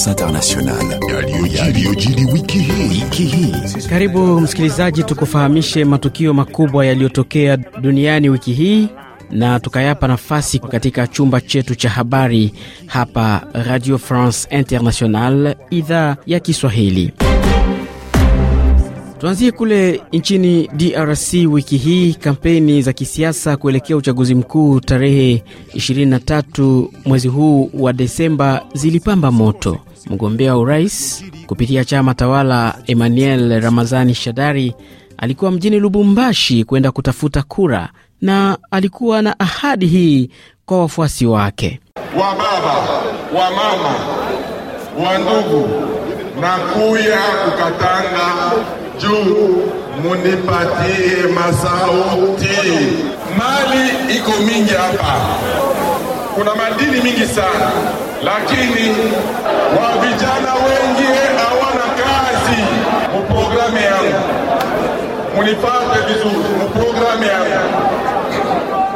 France Internationale. Karibu msikilizaji, tukufahamishe matukio makubwa yaliyotokea duniani wiki hii na tukayapa nafasi katika chumba chetu cha habari hapa Radio France Internationale idhaa ya Kiswahili. Tuanzie kule nchini DRC. Wiki hii kampeni za kisiasa kuelekea uchaguzi mkuu tarehe 23 mwezi huu wa Desemba zilipamba moto. Mgombea wa urais kupitia chama tawala Emmanuel Ramazani Shadari alikuwa mjini Lubumbashi kwenda kutafuta kura na alikuwa na ahadi hii kwa wafuasi wake: wa baba, wa mama, wa ndugu, na kuya kukatanga juu munipatie masauti. Mali iko mingi hapa, kuna madini mingi sana lakini wa vijana wengi hawana kazi. muprograme yangu munipate vizuri, muprograme yangu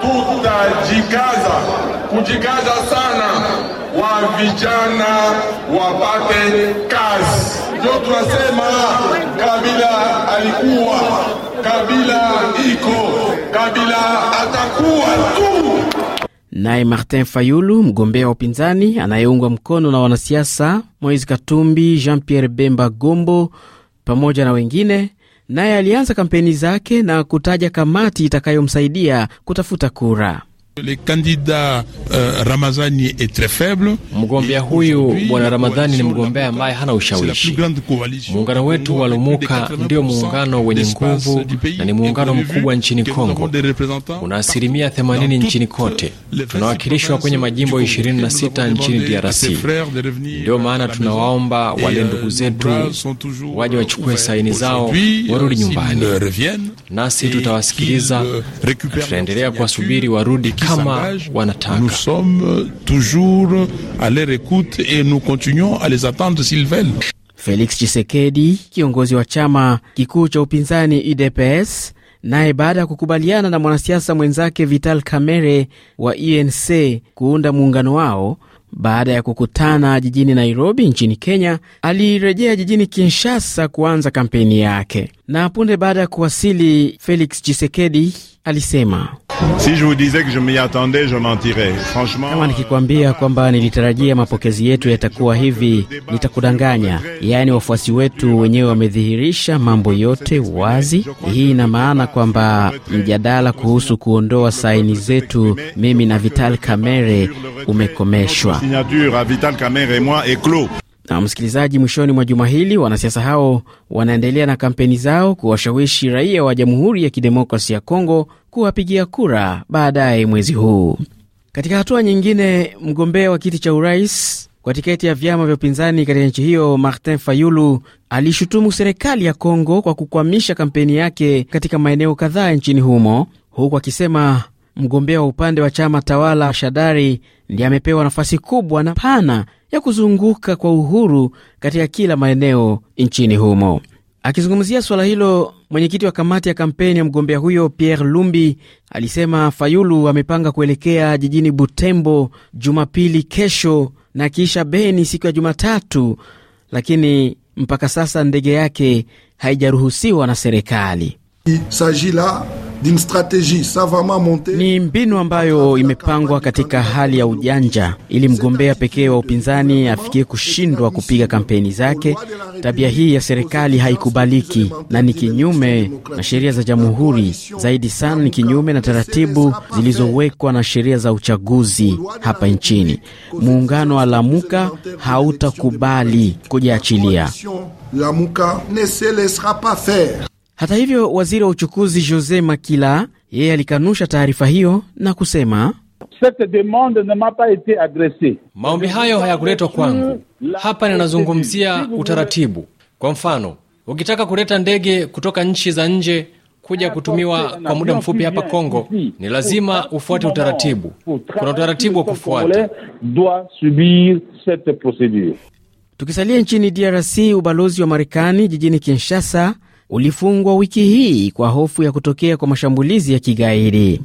tutajikaza kujikaza sana, wa vijana wapate kazi. Ndio tunasema Kabila alikuwa, Kabila iko, Kabila atakuwa tu. Naye Martin Fayulu, mgombea wa upinzani anayeungwa mkono na wanasiasa Moise Katumbi, Jean Pierre Bemba Gombo pamoja na wengine, naye alianza kampeni zake na kutaja kamati itakayomsaidia kutafuta kura. Le euh, Ramazani est très faible. Mgombea huyu bwana Ramadhani ni mgombea ambaye hana ushawishi. Muungano wetu wa Lumuka ndio muungano wenye nguvu na ni muungano mkubwa nchini Kongo, una asilimia 80 nchini kote. Tunawakilishwa kwenye majimbo 26 nchini DRC. Ndio maana tunawaomba wale euh, ndugu zetu waje wachukue saini zao, euh, warudi nyumbani, nasi tutawasikiliza. Tutaendelea kuwasubiri warudi kama wanataka. Felix Chisekedi, kiongozi wa chama kikuu cha upinzani UDPS, naye baada ya kukubaliana na mwanasiasa mwenzake Vital Kamerhe wa UNC kuunda muungano wao baada ya kukutana jijini Nairobi nchini Kenya, alirejea jijini Kinshasa kuanza kampeni yake, na punde baada ya kuwasili, Felix chisekedi alisema Si je vous disais que je m'y attendais, je mentirais. Franchement, kama nikikwambia kwamba nilitarajia mapokezi yetu yatakuwa hivi, nitakudanganya. Yaani wafuasi wetu wenyewe wamedhihirisha mambo yote wazi. Hii ina maana kwamba mjadala kuhusu kuondoa saini zetu mimi na Vital Kamerhe umekomeshwa. Na msikilizaji, mwishoni mwa juma hili wanasiasa hao wanaendelea na kampeni zao kuwashawishi raia wa Jamhuri ya Kidemokrasi ya Kongo kuwapigia kura baadaye mwezi huu. Katika hatua nyingine, mgombea wa kiti cha urais kwa tiketi ya vyama vya upinzani katika nchi hiyo Martin Fayulu alishutumu serikali ya Kongo kwa kukwamisha kampeni yake katika maeneo kadhaa nchini humo, huku akisema mgombea wa upande wa chama tawala Shadari ndiye amepewa nafasi kubwa na pana ya kuzunguka kwa uhuru katika kila maeneo nchini humo. Akizungumzia suala hilo, mwenyekiti wa kamati ya kampeni ya mgombea huyo Pierre Lumbi alisema Fayulu amepanga kuelekea jijini Butembo Jumapili kesho na kisha Beni siku ya Jumatatu, lakini mpaka sasa ndege yake haijaruhusiwa na serikali. Ni mbinu ambayo imepangwa katika hali ya ujanja ili mgombea pekee wa upinzani afikie kushindwa kupiga kampeni zake. Tabia hii ya serikali haikubaliki na ni kinyume na sheria za jamhuri, zaidi sana ni kinyume na taratibu zilizowekwa na sheria za uchaguzi hapa nchini. Muungano wa Lamuka hautakubali kujiachilia. Hata hivyo, waziri wa uchukuzi Jose Makila yeye alikanusha taarifa hiyo na kusema maombi hayo hayakuletwa kwangu. Hapa ninazungumzia utaratibu. Kwa mfano, ukitaka kuleta ndege kutoka nchi za nje kuja kutumiwa kwa muda mfupi hapa Kongo, ni lazima ufuate utaratibu. Kuna utaratibu wa kufuata. Tukisalia nchini DRC, ubalozi wa Marekani jijini Kinshasa ulifungwa wiki hii kwa hofu ya kutokea kwa mashambulizi ya kigaidi.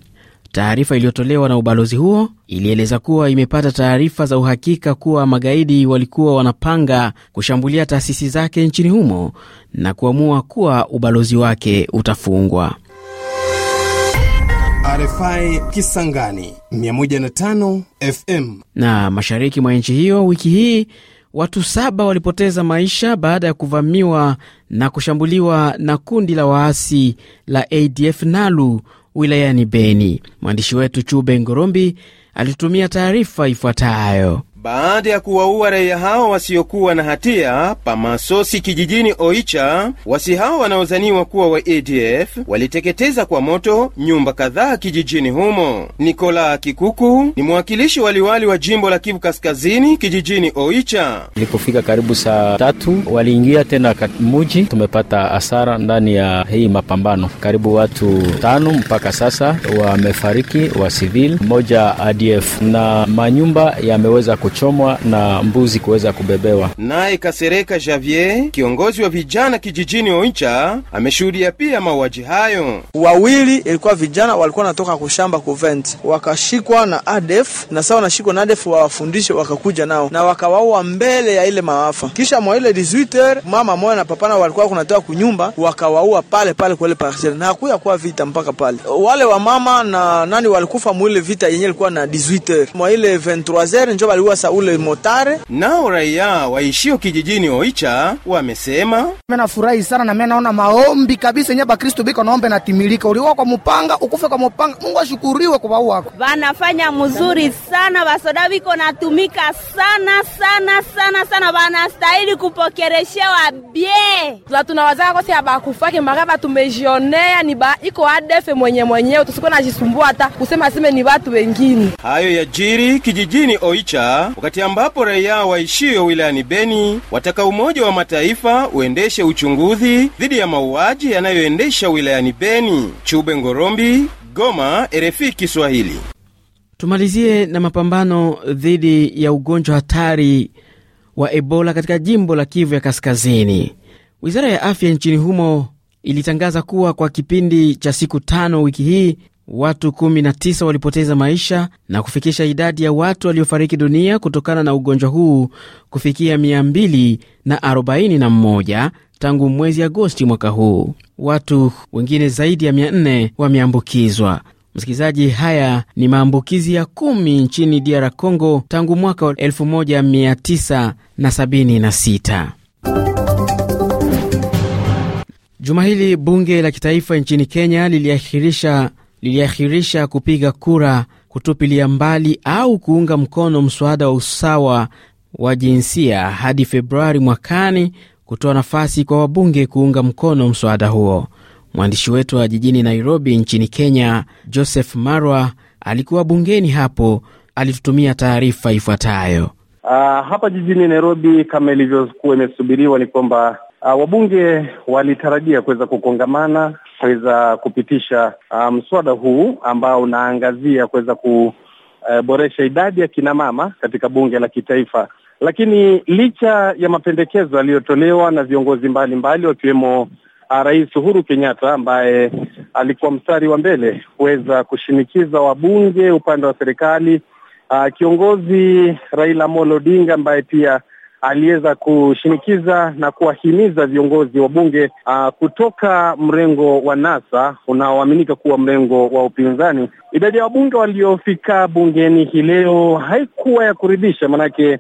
Taarifa iliyotolewa na ubalozi huo ilieleza kuwa imepata taarifa za uhakika kuwa magaidi walikuwa wanapanga kushambulia taasisi zake nchini humo na kuamua kuwa ubalozi wake utafungwa. RFI Kisangani 105 FM na mashariki mwa nchi hiyo wiki hii Watu saba walipoteza maisha baada ya kuvamiwa na kushambuliwa na kundi la waasi la ADF Nalu wilayani Beni. Mwandishi wetu Chube Ngorombi alitumia taarifa ifuatayo. Baada ya kuwaua raia hao wasiokuwa na hatia pamasosi kijijini Oicha, wasi hao wanaozaniwa kuwa wa ADF waliteketeza kwa moto nyumba kadhaa kijijini humo. Nikola Kikuku ni mwakilishi waliwali wa jimbo la Kivu Kaskazini kijijini Oicha. Ilipofika karibu saa tatu waliingia tena muji, tumepata hasara ndani ya hii mapambano, karibu watu tano mpaka sasa wamefariki wa sivil moja ADF na manyumba yameweza kuchomwa na mbuzi kuweza kubebewa. Naye Kasereka Javier, kiongozi wa vijana kijijini Oicha, ameshuhudia pia mauaji hayo. Wawili ilikuwa vijana walikuwa natoka kushamba kuvent, wakashikwa na ADF na sawa wanashikwa na ADF wawafundishe, wakakuja nao na wakawaua mbele ya ile maafa. Kisha mwa ile 18 mama moya na papana walikuwa kunatoka kunyumba, wakawaua pale pale kwa ile parcel, na hakuya kuwa vita mpaka pale wale wa mama na nani walikufa mwile vita yenye ilikuwa na 18 mwa ile 23h waliua ule Motare. Nao raia waishio kijijini Oicha wamesema nafurahi sana na naona maombi kabisa nyaba bakristu biko naombe natimilika, uliwa kwa mupanga ukufe kwa mupanga. Mungu ashukuriwe kwa wao wako Wanafanya mzuri sana, basoda biko natumika sana sana sana sana, banastahili kupokereshewa bie tunawazaka kosi ya bakufake magaba tumejionea ni ba iko adefe mwenye mwenyewe, tusiko jisumbua hata kusema sime ni watu wengine. Hayo yajiri kijijini Oicha wakati ambapo raia waishiyo wilayani Beni wataka Umoja wa Mataifa uendeshe uchunguzi dhidi ya mauaji yanayoendesha wilayani Beni. Chube Ngorombi, Goma, RFI Kiswahili. Tumalizie na mapambano dhidi ya ugonjwa hatari wa Ebola katika jimbo la Kivu ya Kaskazini. Wizara ya afya nchini humo ilitangaza kuwa kwa kipindi cha siku tano wiki hii watu 19 walipoteza maisha na kufikisha idadi ya watu waliofariki dunia kutokana na ugonjwa huu kufikia 241 tangu mwezi Agosti mwaka huu. Watu wengine zaidi ya 400 wameambukizwa. Msikilizaji, haya ni maambukizi ya kumi nchini DR Congo tangu mwaka 1976. Juma hili bunge la kitaifa nchini Kenya liliahirisha liliahirisha kupiga kura kutupilia mbali au kuunga mkono mswada wa usawa wa jinsia hadi Februari mwakani, kutoa nafasi kwa wabunge kuunga mkono mswada huo. Mwandishi wetu wa jijini Nairobi nchini Kenya, Joseph Marwa alikuwa bungeni hapo, alitutumia taarifa ifuatayo. Uh, hapa jijini Nairobi kama ilivyokuwa imesubiriwa ni kwamba uh, wabunge walitarajia kuweza kukongamana kuweza kupitisha ah, mswada um, huu ambao unaangazia kuweza kuboresha eh, idadi ya kinamama katika bunge la kitaifa. Lakini licha ya mapendekezo yaliyotolewa na viongozi mbalimbali wakiwemo ah, Rais Uhuru Kenyatta ambaye alikuwa mstari wa mbele kuweza kushinikiza wabunge upande wa serikali, uh, kiongozi Raila Amolo Odinga ambaye pia aliweza kushinikiza na kuwahimiza viongozi wa bunge uh, kutoka mrengo wa NASA unaoaminika kuwa mrengo wa upinzani. Idadi ya wabunge waliofika bungeni hii leo haikuwa ya kuridhisha, maanake uh,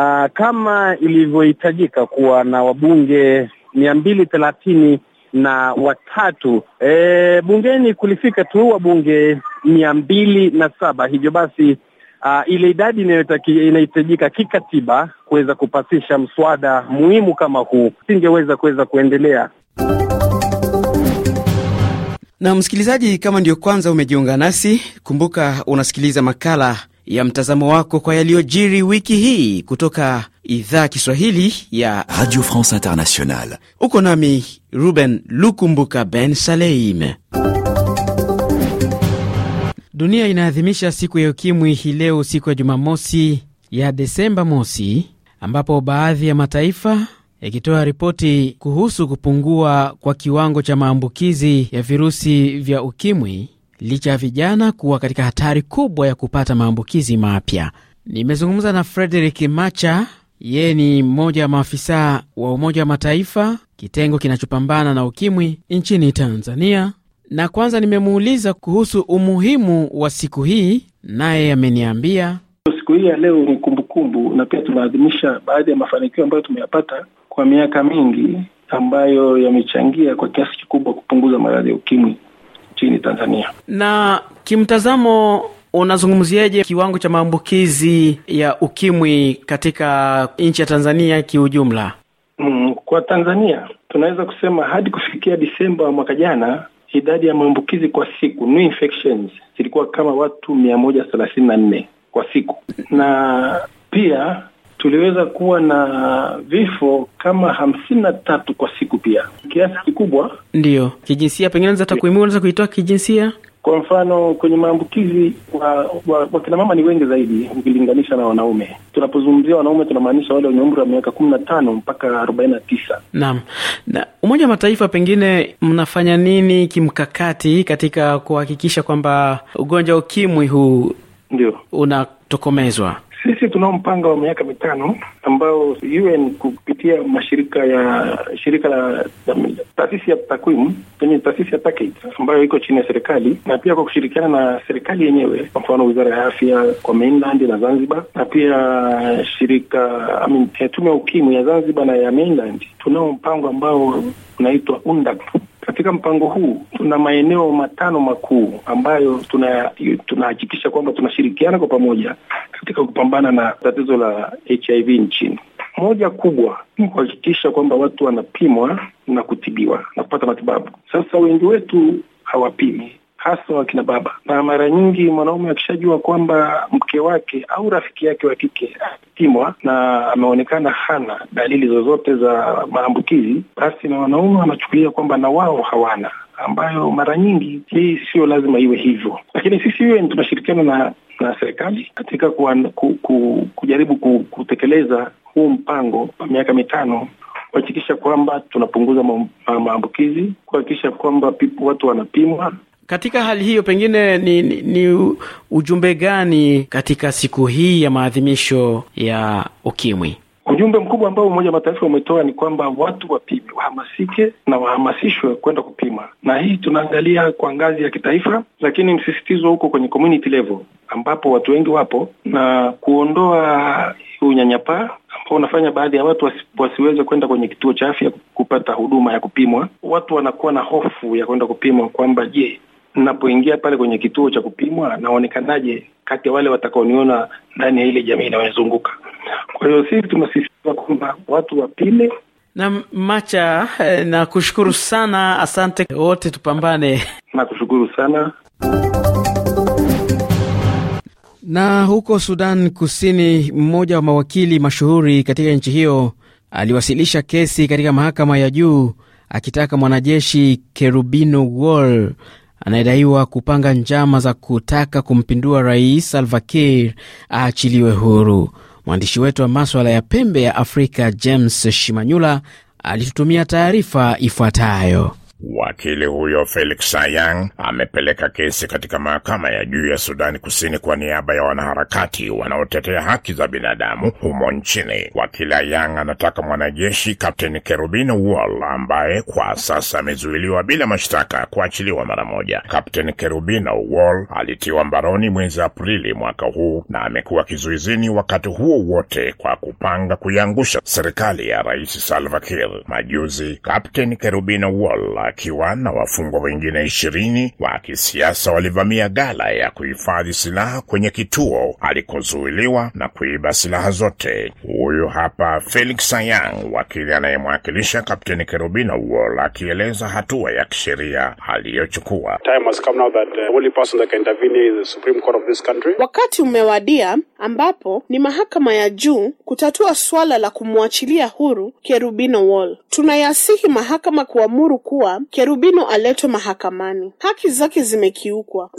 ah, kama ilivyohitajika kuwa na wabunge mia mbili thelathini na watatu e, bungeni kulifika tu wabunge mia mbili na saba hivyo basi Uh, ile idadi inahitajika kikatiba kuweza kupasisha mswada muhimu kama huu singeweza kuweza kuendelea. Na msikilizaji, kama ndiyo kwanza umejiunga nasi, kumbuka unasikiliza makala ya mtazamo wako kwa yaliyojiri wiki hii kutoka idhaa Kiswahili ya Radio France Internationale. Uko nami Ruben Lukumbuka Ben Saleim. Dunia inaadhimisha siku ya ukimwi hii leo, siku ya Jumamosi ya Desemba mosi, ambapo baadhi ya mataifa yakitoa ripoti kuhusu kupungua kwa kiwango cha maambukizi ya virusi vya ukimwi licha ya vijana kuwa katika hatari kubwa ya kupata maambukizi mapya. Nimezungumza na Frederick Macha, yeye ni mmoja wa maafisa wa Umoja wa Mataifa, kitengo kinachopambana na ukimwi nchini Tanzania, na kwanza nimemuuliza kuhusu umuhimu wa siku hii, naye ameniambia siku hii ya leo ni kumbukumbu, na pia tunaadhimisha baadhi ya mafanikio ambayo tumeyapata kwa miaka mingi ambayo yamechangia kwa kiasi kikubwa kupunguza maradhi ya ukimwi nchini Tanzania. Na kimtazamo unazungumziaje kiwango cha maambukizi ya ukimwi katika nchi ya Tanzania kiujumla? Mm, kwa Tanzania tunaweza kusema hadi kufikia Disemba mwaka jana idadi ya maambukizi kwa siku new infections zilikuwa kama watu mia moja thelathini na nne kwa siku, na pia tuliweza kuwa na vifo kama hamsini na tatu kwa siku pia, kiasi kikubwa. ndio kijinsia, pengine za takwimu unaweza kuitoa kijinsia? Kwa mfano kwenye maambukizi kina mama ni wengi zaidi ukilinganisha na wanaume. Tunapozungumzia wanaume, tunamaanisha wale wenye umri wa miaka kumi na tano mpaka arobaini na tisa. Naam, na Umoja wa Mataifa, pengine mnafanya nini kimkakati katika kuhakikisha kwamba ugonjwa wa ukimwi huu ndio unatokomezwa? Sisi tunao mpango wa miaka mitano ambao UN kupitia mashirika ya shirika la taasisi ya takwimu, yaani taasisi ya TACAID ambayo iko chini ya serikali na pia kwa kushirikiana na serikali yenyewe, kwa mfano wizara ya afya kwa mainland na Zanzibar, na pia shirika I mean, tume ya ukimwi ya Zanzibar na ya mainland, tunao mpango ambao unaitwa UNDAP katika mpango huu tuna maeneo matano makuu ambayo tunahakikisha tuna kwamba tunashirikiana kwa pamoja katika kupambana na tatizo la HIV nchini. Moja kubwa ni kuhakikisha kwamba watu wanapimwa na kutibiwa na kupata matibabu. Sasa wengi wetu hawapimi hasa wakina baba, na mara nyingi mwanaume akishajua kwamba mke wake au rafiki yake wa kike amepimwa na ameonekana hana dalili zozote za maambukizi, basi na wanaume wanachukulia kwamba na wao hawana, ambayo mara nyingi hii sio lazima iwe hivyo, lakini sisi UN tunashirikiana na na serikali katika ku, ku, kujaribu ku, kutekeleza huu mpango wa miaka mitano kuhakikisha kwamba tunapunguza maambukizi, kuhakikisha kwamba watu wanapimwa katika hali hiyo, pengine ni, ni, ni ujumbe gani katika siku hii ya maadhimisho ya ukimwi? Ujumbe mkubwa ambao Umoja wa Mataifa umetoa ni kwamba watu wapime, wahamasike na wahamasishwe kwenda kupima, na hii tunaangalia kwa ngazi ya kitaifa, lakini msisitizo huko kwenye community level ambapo watu wengi wapo na kuondoa unyanyapaa ambao unafanya baadhi ya watu wasi, wasiweze kwenda kwenye kituo cha afya kupata huduma ya kupimwa. Watu wanakuwa na hofu ya kwenda kupimwa kwamba je, napoingia pale kwenye kituo cha kupimwa naonekanaje kati ya wale watakaoniona ndani ya ile jamii inayozunguka. Kwa hiyo sisi tumesisitiza kwamba watu wapime na Macha. Eh, Nakushukuru sana, asante. Wote tupambane. Nakushukuru sana. Na huko Sudan Kusini, mmoja wa mawakili mashuhuri katika nchi hiyo aliwasilisha kesi katika mahakama ya juu akitaka mwanajeshi Kerubino Wall anayedaiwa kupanga njama za kutaka kumpindua rais Salva Kiir aachiliwe huru. Mwandishi wetu wa maswala ya pembe ya Afrika James Shimanyula alitutumia taarifa ifuatayo. Wakili huyo Felix Sayang amepeleka kesi katika mahakama ya juu ya Sudani Kusini kwa niaba ya wanaharakati wanaotetea haki za binadamu humo nchini. Wakili Ayang anataka mwanajeshi Kapteni Kerubin Wall ambaye kwa sasa amezuiliwa bila mashtaka kuachiliwa mara moja. Kapteni Kerubin Wall alitiwa mbaroni mwezi Aprili mwaka huu na amekuwa kizuizini wakati huo wote kwa kupanga kuiangusha serikali ya Rais Salva Kiir. Majuzi Kapteni Kerubin Wall akiwa na wafungwa wengine ishirini wa kisiasa walivamia gala ya kuhifadhi silaha kwenye kituo alikozuiliwa na kuiba silaha zote. Huyu hapa Felix Sayang, wakili anayemwakilisha Kapteni Kerubina Uol, akieleza hatua ya kisheria aliyochukua. Uh, Wakati umewadia ambapo ni mahakama ya juu kutatua suala la kumwachilia huru Kerubina Uol. Tunayasihi mahakama kuamuru kuwa Kerubino aletwe mahakamani, haki zake zimekiukwa.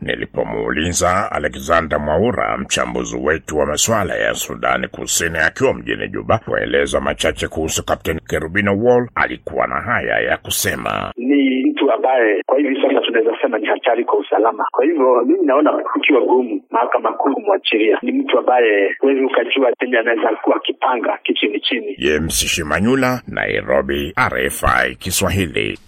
Nilipomuuliza Alexander Mwaura, mchambuzi wetu wa masuala ya Sudani Kusini, akiwa mjini Juba, kueleza machache kuhusu Kapteni Kerubino Wall, alikuwa na haya ya kusema. Ni mtu ambaye kwa hivi sasa tunaweza sema ni hatari kwa usalama. Kwa hivyo mimi naona ukiwa gumu mahakama kuu kumwachilia. Ni mtu ambaye huwezi ukajua tena, anaweza kuwa akipanga kichini chini. James Shimanyula, Nairobi, RFI Kiswahili.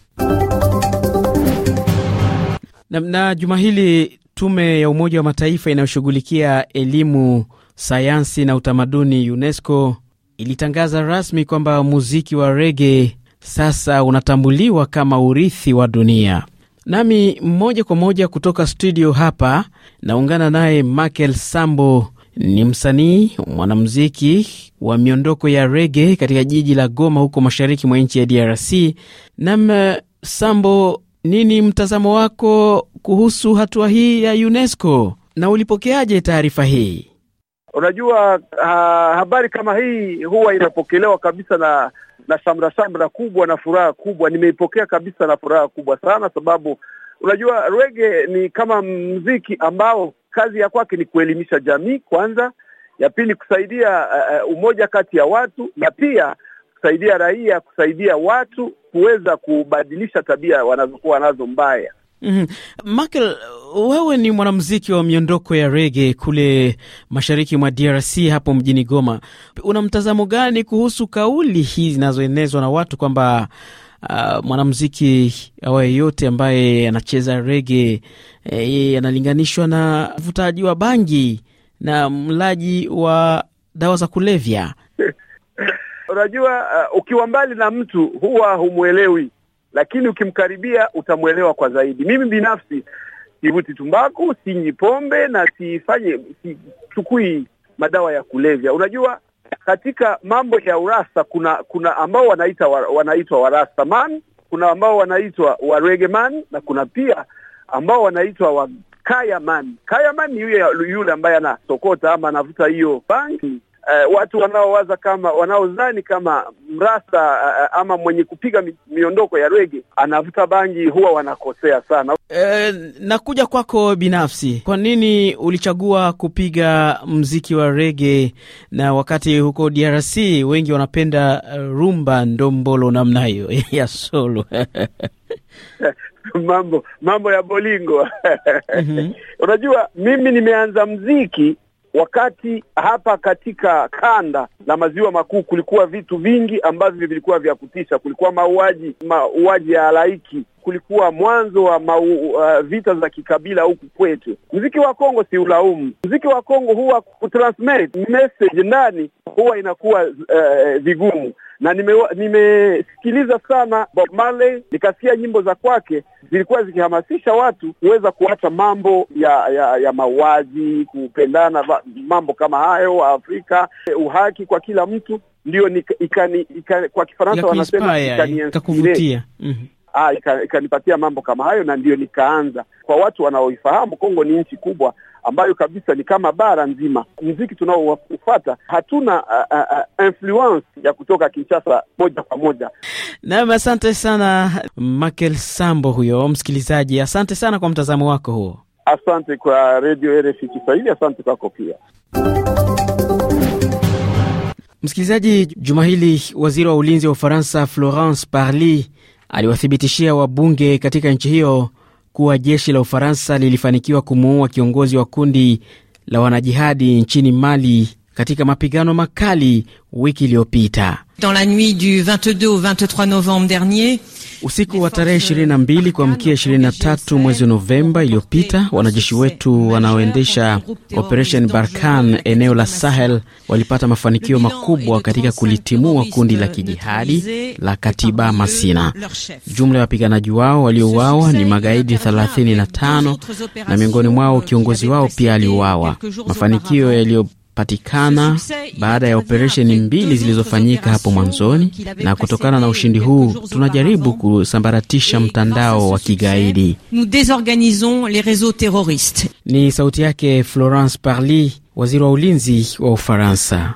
Na, na juma hili tume ya Umoja wa Mataifa inayoshughulikia elimu, sayansi na utamaduni UNESCO ilitangaza rasmi kwamba muziki wa rege sasa unatambuliwa kama urithi wa dunia. Nami moja kwa moja kutoka studio hapa naungana naye Makel Sambo ni msanii mwanamuziki wa miondoko ya rege katika jiji la Goma huko mashariki mwa nchi ya DRC. Nam eh, Sambo, nini mtazamo wako kuhusu hatua hii ya UNESCO na ulipokeaje taarifa hii? Unajua ha, habari kama hii huwa inapokelewa kabisa na na shamra shamra kubwa na furaha kubwa. Nimeipokea kabisa na furaha kubwa sana, sababu unajua rege ni kama mziki ambao kazi ya kwake ni kuelimisha jamii kwanza, ya pili kusaidia uh, umoja kati ya watu, na pia kusaidia raia, kusaidia watu kuweza kubadilisha tabia wanazokuwa nazo mbaya. Mm -hmm. Michael, wewe ni mwanamuziki wa miondoko ya rege kule mashariki mwa DRC hapo mjini Goma. Una mtazamo gani kuhusu kauli hii zinazoenezwa na watu kwamba uh, mwanamuziki yeyote ambaye anacheza rege eh, yeye analinganishwa na mvutaji wa bangi na mlaji wa dawa za kulevya. Unajua, uh, ukiwa mbali na mtu huwa humwelewi, lakini ukimkaribia utamwelewa kwa zaidi. Mimi binafsi sivuti tumbaku, sinyi pombe na sifanye sichukui madawa ya kulevya. Unajua, katika mambo ya urasa kuna kuna ambao wanaita wa, wanaitwa man kuna ambao wanaitwa waregeman na kuna pia ambao wanaitwa wa kayaman. man ni yule yule ambaye anasokota ama anavuta hiyo bangi uh, watu wanaowaza kama wanaozani kama mrasa uh, ama mwenye kupiga miondoko ya rege anavuta bangi huwa wanakosea sana. Eh, na kuja kwako binafsi, kwa nini ulichagua kupiga mziki wa rege na wakati huko DRC wengi wanapenda eh, rumba ndombolo namna hiyo ya solo? mambo mambo ya bolingo. mm -hmm. Unajua, mimi nimeanza mziki Wakati hapa katika kanda la maziwa makuu kulikuwa vitu vingi ambavyo vilikuwa vya kutisha. Kulikuwa mauaji, mauaji ya halaiki kulikuwa mwanzo wa mau, uh, vita za kikabila huku kwetu. Mziki wa Kongo si ulaumu, mziki wa Kongo huwa kutransmit message ndani huwa inakuwa uh, vigumu na nimesikiliza nime sana Bob Marley, nikasikia nyimbo za kwake zilikuwa zikihamasisha watu kuweza kuacha mambo ya ya, ya mauaji, kupendana, mambo kama hayo, Afrika, uhaki kwa kila mtu, ndiyo ikani, ikani, kwa Kifaransa wanasema ikani, mm Ah, ikanipatia mambo kama hayo, na ndiyo nikaanza. Kwa watu wanaoifahamu Kongo, ni nchi kubwa ambayo kabisa ni kama bara nzima. Mziki tunaoufata hatuna uh, uh, influence ya kutoka Kinshasa moja kwa moja. nam asante sana makel Sambo, huyo msikilizaji. Asante sana kwa mtazamo wako huo. Asante kwa Radio rf Kiswahili, asante kwako pia. Msikilizaji, juma hili waziri wa ulinzi wa Ufaransa Florence parli aliwathibitishia wabunge katika nchi hiyo kuwa jeshi la Ufaransa lilifanikiwa kumuua kiongozi wa kundi la wanajihadi nchini Mali katika mapigano makali wiki iliyopita. Usiku wa tarehe 22 kuamkia 23 mwezi Novemba iliyopita, wanajeshi wetu wanaoendesha Operation Barkan eneo la Sahel walipata mafanikio makubwa katika kulitimua kundi la kijihadi la Katiba Masina. Jumla ya wapiganaji wao waliouawa ni magaidi 35 na miongoni mwao kiongozi wao pia aliuawa. Mafanikio yaliyo patikana baada ya operesheni mbili zilizofanyika hapo mwanzoni, na kutokana na ushindi huu tunajaribu kusambaratisha mtandao wa kigaidi. Ni sauti yake Florence Parly, waziri wa ulinzi wa Ufaransa.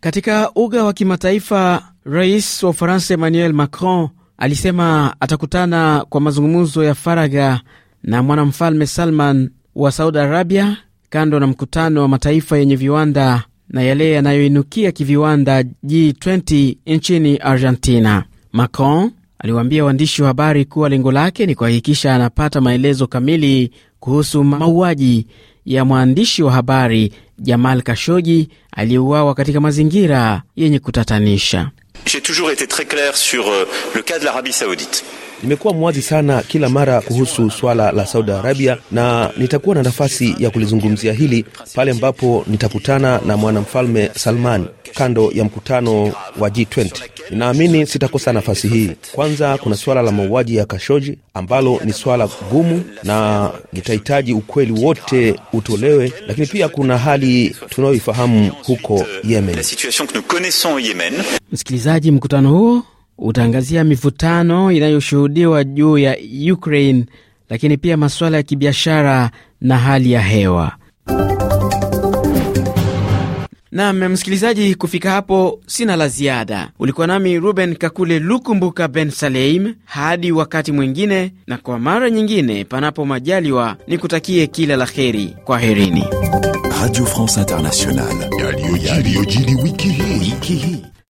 Katika uga wa kimataifa, rais wa Ufaransa Emmanuel Macron alisema atakutana kwa mazungumzo ya faraga na mwanamfalme Salman wa Saudi Arabia, kando na mkutano wa mataifa yenye viwanda na yale yanayoinukia kiviwanda G20 nchini Argentina. Macron aliwaambia waandishi wa habari kuwa lengo lake ni kuhakikisha anapata maelezo kamili kuhusu mauaji ya mwandishi wa habari Jamal Kashoji aliyeuawa katika mazingira yenye kutatanisha. J'ai toujours été très clair sur euh, le cas de l'Arabie Saoudite. Nimekuwa mwazi sana kila mara kuhusu swala la Saudi Arabia, na nitakuwa na nafasi ya kulizungumzia hili pale ambapo nitakutana na mwanamfalme Salman kando ya mkutano wa G20. Ninaamini sitakosa nafasi hii. Kwanza kuna swala la mauaji ya Kashoji ambalo ni swala gumu na litahitaji ukweli wote utolewe, lakini pia kuna hali tunayoifahamu huko Yemen. Msikilizaji, mkutano huo utaangazia mivutano inayoshuhudiwa juu ya Ukraine, lakini pia masuala ya kibiashara na hali ya hewa. Nam msikilizaji, kufika hapo sina la ziada. Ulikuwa nami Ruben Kakule Lukumbuka Ben Saleim, hadi wakati mwingine, na kwa mara nyingine, panapo majaliwa, ni kutakie kila la heri. Kwa herini. Radio France Internationale, yaliyojiri wiki hii.